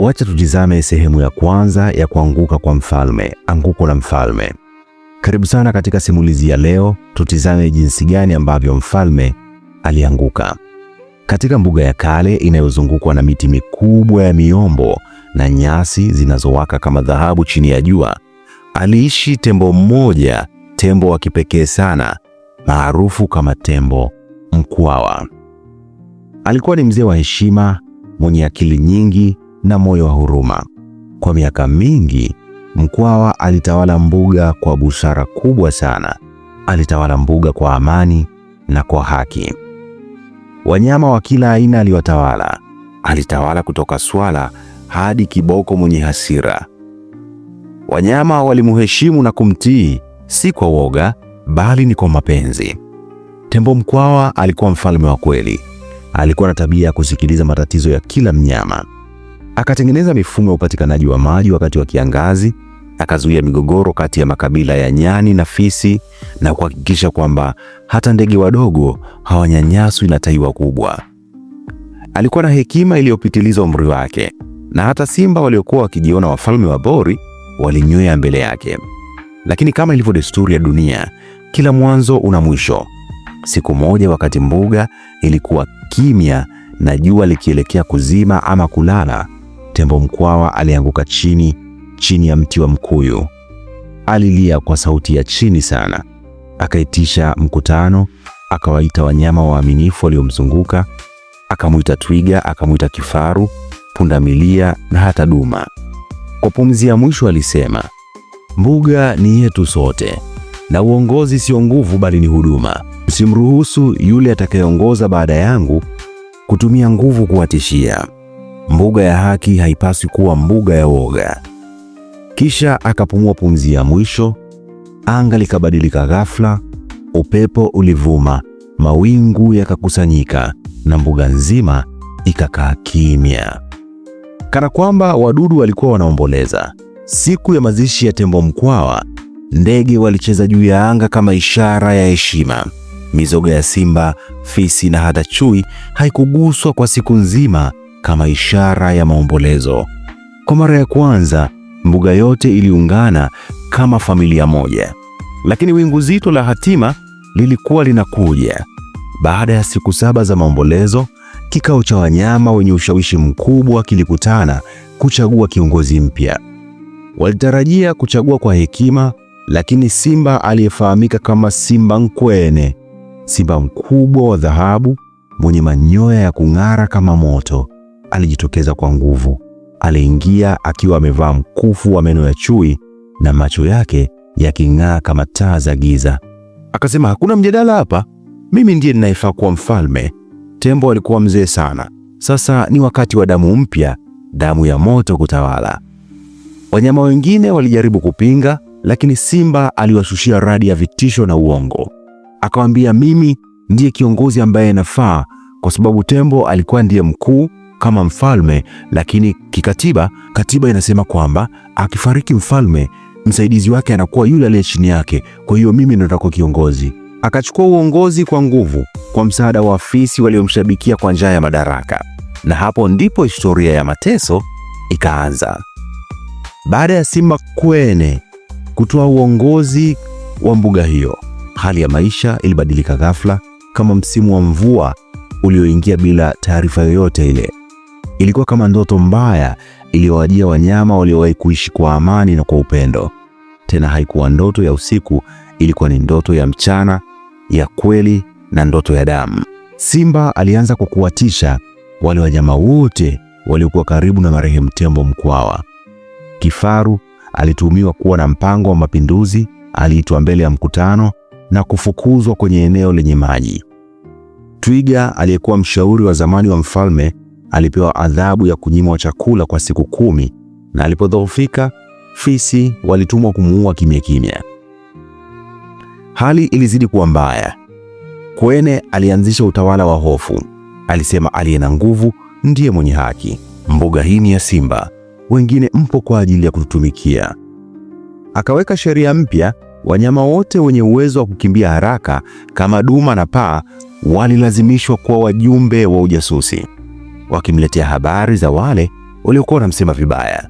Wacha tutizame sehemu ya kwanza ya kuanguka kwa mfalme, anguko la mfalme. Karibu sana katika simulizi ya leo, tutizame jinsi gani ambavyo mfalme alianguka. Katika mbuga ya kale inayozungukwa na miti mikubwa ya miombo na nyasi zinazowaka kama dhahabu chini ya jua, aliishi tembo mmoja, tembo wa kipekee sana, maarufu kama tembo mkwawa. Alikuwa ni mzee wa heshima, mwenye akili nyingi na moyo wa huruma. Kwa miaka mingi, Mkwawa alitawala Mbuga kwa busara kubwa sana. Alitawala Mbuga kwa amani na kwa haki. Wanyama wa kila aina aliwatawala. Alitawala kutoka swala hadi kiboko mwenye hasira. Wanyama walimuheshimu na kumtii, si kwa woga, bali ni kwa mapenzi. Tembo Mkwawa alikuwa mfalme wa kweli. Alikuwa na tabia ya kusikiliza matatizo ya kila mnyama. Akatengeneza mifumo ya upatikanaji wa maji wakati wa kiangazi, akazuia migogoro kati ya makabila ya nyani na fisi na kuhakikisha kwamba hata ndege wadogo hawanyanyaswi na tai wakubwa. Alikuwa na hekima iliyopitiliza umri wake, na hata simba waliokuwa wakijiona wafalme wa bori walinywea mbele yake. Lakini kama ilivyo desturi ya dunia, kila mwanzo una mwisho. Siku moja, wakati mbuga ilikuwa kimya na jua likielekea kuzima ama kulala, Tembo Mkwawa alianguka chini, chini ya mti wa mkuyu. Alilia kwa sauti ya chini sana. Akaitisha mkutano, akawaita wanyama waaminifu waliomzunguka, akamwita twiga, akamwita kifaru, pundamilia na hata duma. Kwa pumzi ya mwisho alisema, mbuga ni yetu sote, na uongozi sio nguvu, bali ni huduma. Usimruhusu yule atakayeongoza baada yangu kutumia nguvu kuwatishia. Mbuga ya haki haipaswi kuwa mbuga ya woga. Kisha akapumua pumzi ya mwisho. Anga likabadilika ghafla, upepo ulivuma, mawingu yakakusanyika na mbuga nzima ikakaa kimya, kana kwamba wadudu walikuwa wanaomboleza. Siku ya mazishi ya Tembo Mkwawa, ndege walicheza juu ya anga kama ishara ya heshima. Mizoga ya simba, fisi na hata chui haikuguswa kwa siku nzima, kama ishara ya maombolezo. Kwa mara ya kwanza, mbuga yote iliungana kama familia moja, lakini wingu zito la hatima lilikuwa linakuja. Baada ya siku saba za maombolezo, kikao cha wanyama wenye ushawishi mkubwa kilikutana kuchagua kiongozi mpya. Walitarajia kuchagua kwa hekima, lakini simba aliyefahamika kama Simba Nkwene, simba mkubwa wa dhahabu mwenye manyoya ya kung'ara kama moto, alijitokeza kwa nguvu. Aliingia akiwa amevaa mkufu wa meno ya chui na macho yake yaking'aa kama taa za giza. Akasema, hakuna mjadala hapa, mimi ndiye ninayefaa kuwa mfalme. Tembo alikuwa mzee sana, sasa ni wakati wa damu mpya, damu ya moto kutawala. Wanyama wengine walijaribu kupinga, lakini simba aliwashushia radi ya vitisho na uongo. Akawaambia, mimi ndiye kiongozi ambaye nafaa, kwa sababu tembo alikuwa ndiye mkuu kama mfalme, lakini kikatiba, katiba inasema kwamba akifariki mfalme, msaidizi wake anakuwa yule aliye chini yake. Kwa hiyo mimi ndo nitakuwa kiongozi. Akachukua uongozi kwa nguvu, kwa msaada wa afisi waliomshabikia kwa njia ya madaraka, na hapo ndipo historia ya mateso ikaanza. Baada ya Simba Kwene kutoa uongozi wa mbuga hiyo, hali ya maisha ilibadilika ghafla, kama msimu wa mvua ulioingia bila taarifa yoyote ile. Ilikuwa kama ndoto mbaya iliyowajia wanyama waliowahi kuishi kwa amani na kwa upendo. Tena haikuwa ndoto ya usiku, ilikuwa ni ndoto ya mchana, ya kweli na ndoto ya damu. Simba alianza kwa kuwatisha wale wanyama wote waliokuwa karibu na marehemu Tembo Mkwawa. Kifaru alituhumiwa kuwa na mpango wa mapinduzi, aliitwa mbele ya mkutano na kufukuzwa kwenye eneo lenye maji. Twiga aliyekuwa mshauri wa zamani wa mfalme alipewa adhabu ya kunyimwa chakula kwa siku kumi, na alipodhoofika fisi walitumwa kumuua kimya kimya. Hali ilizidi kuwa mbaya. Kwene alianzisha utawala wa hofu. Alisema aliye na nguvu ndiye mwenye haki, mbuga hii ni ya simba, wengine mpo kwa ajili ya kututumikia. Akaweka sheria mpya: wanyama wote wenye uwezo wa kukimbia haraka kama duma na paa walilazimishwa kuwa wajumbe wa ujasusi wakimletea habari za wale waliokuwa wanamsema vibaya.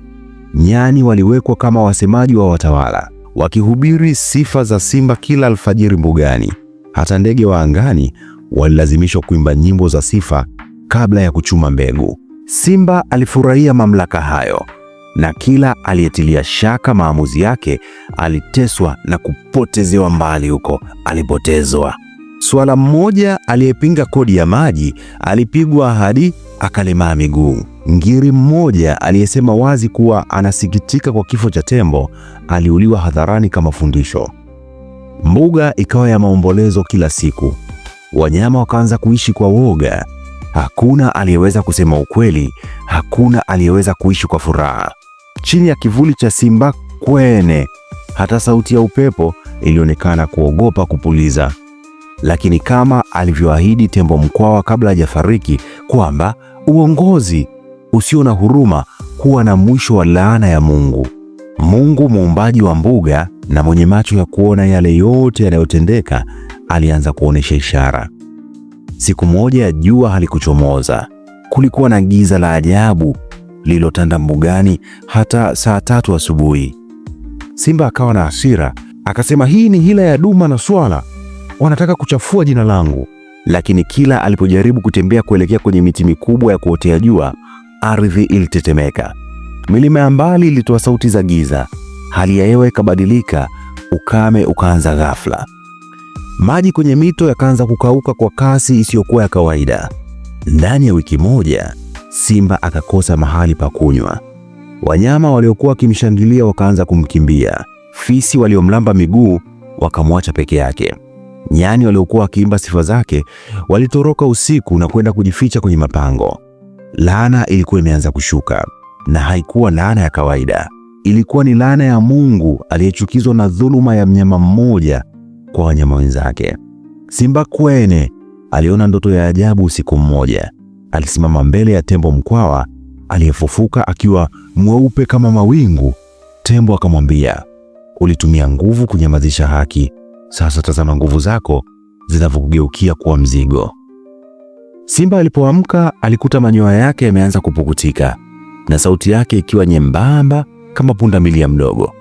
Nyani waliwekwa kama wasemaji wa watawala, wakihubiri sifa za simba kila alfajiri mbugani. Hata ndege wa angani walilazimishwa kuimba nyimbo za sifa kabla ya kuchuma mbegu. Simba alifurahia mamlaka hayo, na kila aliyetilia shaka maamuzi yake aliteswa na kupotezewa mbali huko alipotezwa. Swala mmoja aliyepinga kodi ya maji alipigwa ahadi akalemaa miguu. Ngiri mmoja aliyesema wazi kuwa anasikitika kwa kifo cha tembo aliuliwa hadharani kama fundisho. Mbuga ikawa ya maombolezo kila siku, wanyama wakaanza kuishi kwa woga. Hakuna aliyeweza kusema ukweli, hakuna aliyeweza kuishi kwa furaha. Chini ya kivuli cha simba kwene, hata sauti ya upepo ilionekana kuogopa kupuliza. Lakini kama alivyoahidi tembo Mkwawa kabla hajafariki kwamba uongozi usio na huruma kuwa na mwisho wa laana ya Mungu. Mungu muumbaji wa mbuga na mwenye macho ya kuona yale yote yanayotendeka alianza kuonesha ishara. Siku moja jua halikuchomoza. Kulikuwa na giza la ajabu lililotanda mbugani hata saa tatu asubuhi. Simba akawa na hasira, akasema, hii ni hila ya duma na swala, wanataka kuchafua jina langu lakini kila alipojaribu kutembea kuelekea kwenye miti mikubwa ya kuotea jua, ardhi ilitetemeka. Milima ya mbali ilitoa sauti za giza, hali ya hewa ikabadilika, ukame ukaanza ghafla. Maji kwenye mito yakaanza kukauka kwa kasi isiyokuwa ya kawaida. Ndani ya wiki moja, simba akakosa mahali pa kunywa. Wanyama waliokuwa wakimshangilia wakaanza kumkimbia. Fisi waliomlamba miguu wakamwacha peke yake. Nyani waliokuwa wakiimba sifa zake walitoroka usiku na kwenda kujificha kwenye mapango. Laana ilikuwa imeanza kushuka, na haikuwa laana ya kawaida. Ilikuwa ni laana ya Mungu aliyechukizwa na dhuluma ya mnyama mmoja kwa wanyama wenzake. Simba Kwene aliona ndoto ya ajabu usiku mmoja. Alisimama mbele ya tembo mkwawa aliyefufuka akiwa mweupe kama mawingu. Tembo akamwambia, ulitumia nguvu kunyamazisha haki sasa tazama nguvu zako zinavyokugeukia kuwa mzigo. Simba alipoamka alikuta manyoya yake yameanza kupukutika na sauti yake ikiwa nyembamba kama milia mdogo,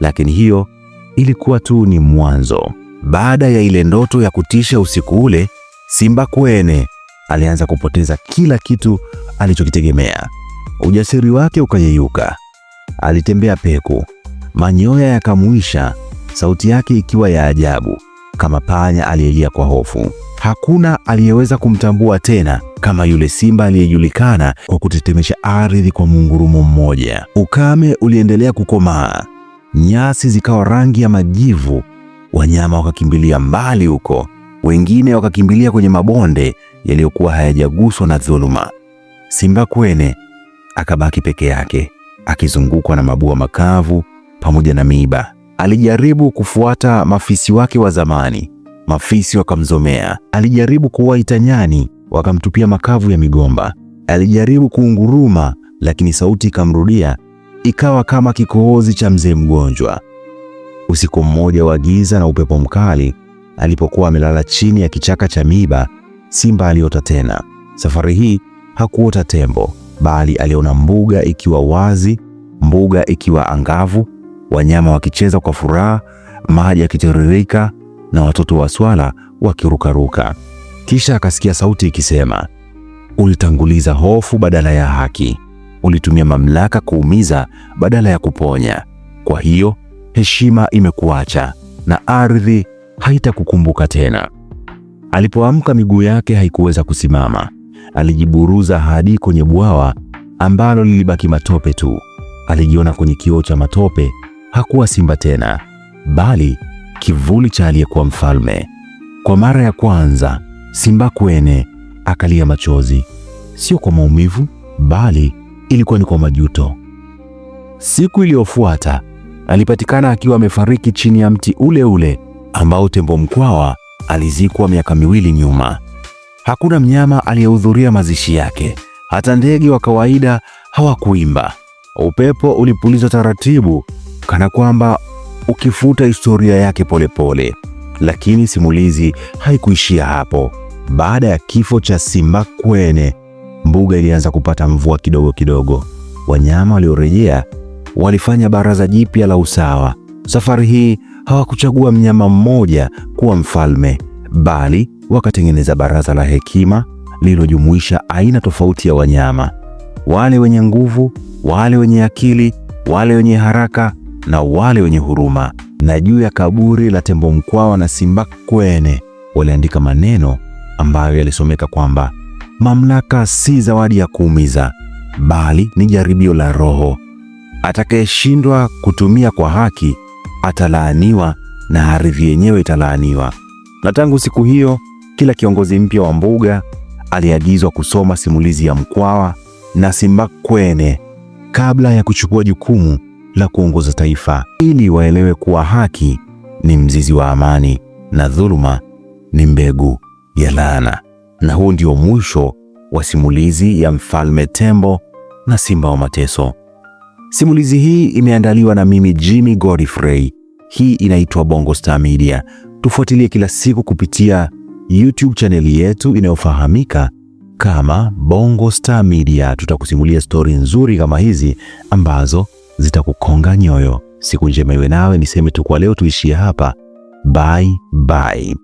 lakini hiyo ilikuwa tu ni mwanzo. Baada ya ile ndoto ya kutisha usiku ule, Simba Kwene alianza kupoteza kila kitu alichokitegemea. Ujasiri wake ukayeyuka, alitembea peku, manyoya yakamwisha sauti yake ikiwa ya ajabu kama panya aliyelia kwa hofu. Hakuna aliyeweza kumtambua tena kama yule simba aliyejulikana kwa kutetemesha ardhi kwa mungurumo mmoja. Ukame uliendelea kukomaa, nyasi zikawa rangi ya majivu, wanyama wakakimbilia mbali huko, wengine wakakimbilia kwenye mabonde yaliyokuwa hayajaguswa na dhuluma. Simba Kwene akabaki peke yake, akizungukwa na mabua makavu pamoja na miiba. Alijaribu kufuata mafisi wake wa zamani, mafisi wakamzomea. Alijaribu kuwaita nyani, wakamtupia makavu ya migomba. Alijaribu kuunguruma, lakini sauti ikamrudia, ikawa kama kikohozi cha mzee mgonjwa. Usiku mmoja wa giza na upepo mkali, alipokuwa amelala chini ya kichaka cha miba, simba aliota tena. Safari hii hakuota tembo, bali aliona mbuga ikiwa wazi, mbuga ikiwa angavu, wanyama wakicheza kwa furaha, maji yakitiririka na watoto wa swala wakirukaruka. Kisha akasikia sauti ikisema, ulitanguliza hofu badala ya haki, ulitumia mamlaka kuumiza badala ya kuponya. Kwa hiyo heshima imekuacha na ardhi haitakukumbuka tena. Alipoamka, miguu yake haikuweza kusimama. Alijiburuza hadi kwenye bwawa ambalo lilibaki matope tu. Alijiona kwenye kioo cha matope hakuwa simba tena, bali kivuli cha aliyekuwa mfalme. Kwa mara ya kwanza Simba Kwene akalia machozi, sio kwa maumivu, bali ilikuwa ni kwa majuto. Siku iliyofuata alipatikana akiwa amefariki chini ya mti ule ule ambao Tembo Mkwawa alizikwa miaka miwili nyuma. Hakuna mnyama aliyehudhuria mazishi yake, hata ndege wa kawaida hawakuimba. Upepo ulipulizwa taratibu kana kwamba ukifuta historia yake polepole pole. Lakini simulizi haikuishia hapo. Baada ya kifo cha Simbakwene, mbuga ilianza kupata mvua kidogo kidogo. Wanyama waliorejea walifanya baraza jipya la usawa. Safari hii hawakuchagua mnyama mmoja kuwa mfalme, bali wakatengeneza baraza la hekima lililojumuisha aina tofauti ya wanyama, wale wenye nguvu, wale wenye akili, wale wenye haraka na wale wenye huruma, na juu ya kaburi la tembo mkwawa na simba kwene waliandika maneno ambayo yalisomeka kwamba mamlaka si zawadi ya kuumiza, bali ni jaribio la roho. Atakayeshindwa kutumia kwa haki atalaaniwa na ardhi yenyewe italaaniwa. Na tangu siku hiyo, kila kiongozi mpya wa mbuga aliagizwa kusoma simulizi ya Mkwawa na Simbakwene kabla ya kuchukua jukumu la kuongoza taifa ili waelewe kuwa haki ni mzizi wa amani na dhuluma ni mbegu ya laana. Na huu ndio mwisho wa simulizi ya Mfalme Tembo na Simba wa Mateso. Simulizi hii imeandaliwa na mimi Jimmy Godfrey. Hii inaitwa Bongo Star Media. Tufuatilie kila siku kupitia YouTube chaneli yetu inayofahamika kama Bongo Star Media. Tutakusimulia stori nzuri kama hizi ambazo zitakukonga nyoyo. Siku njema iwe nawe, niseme tu kwa leo tuishie hapa. Bye bye.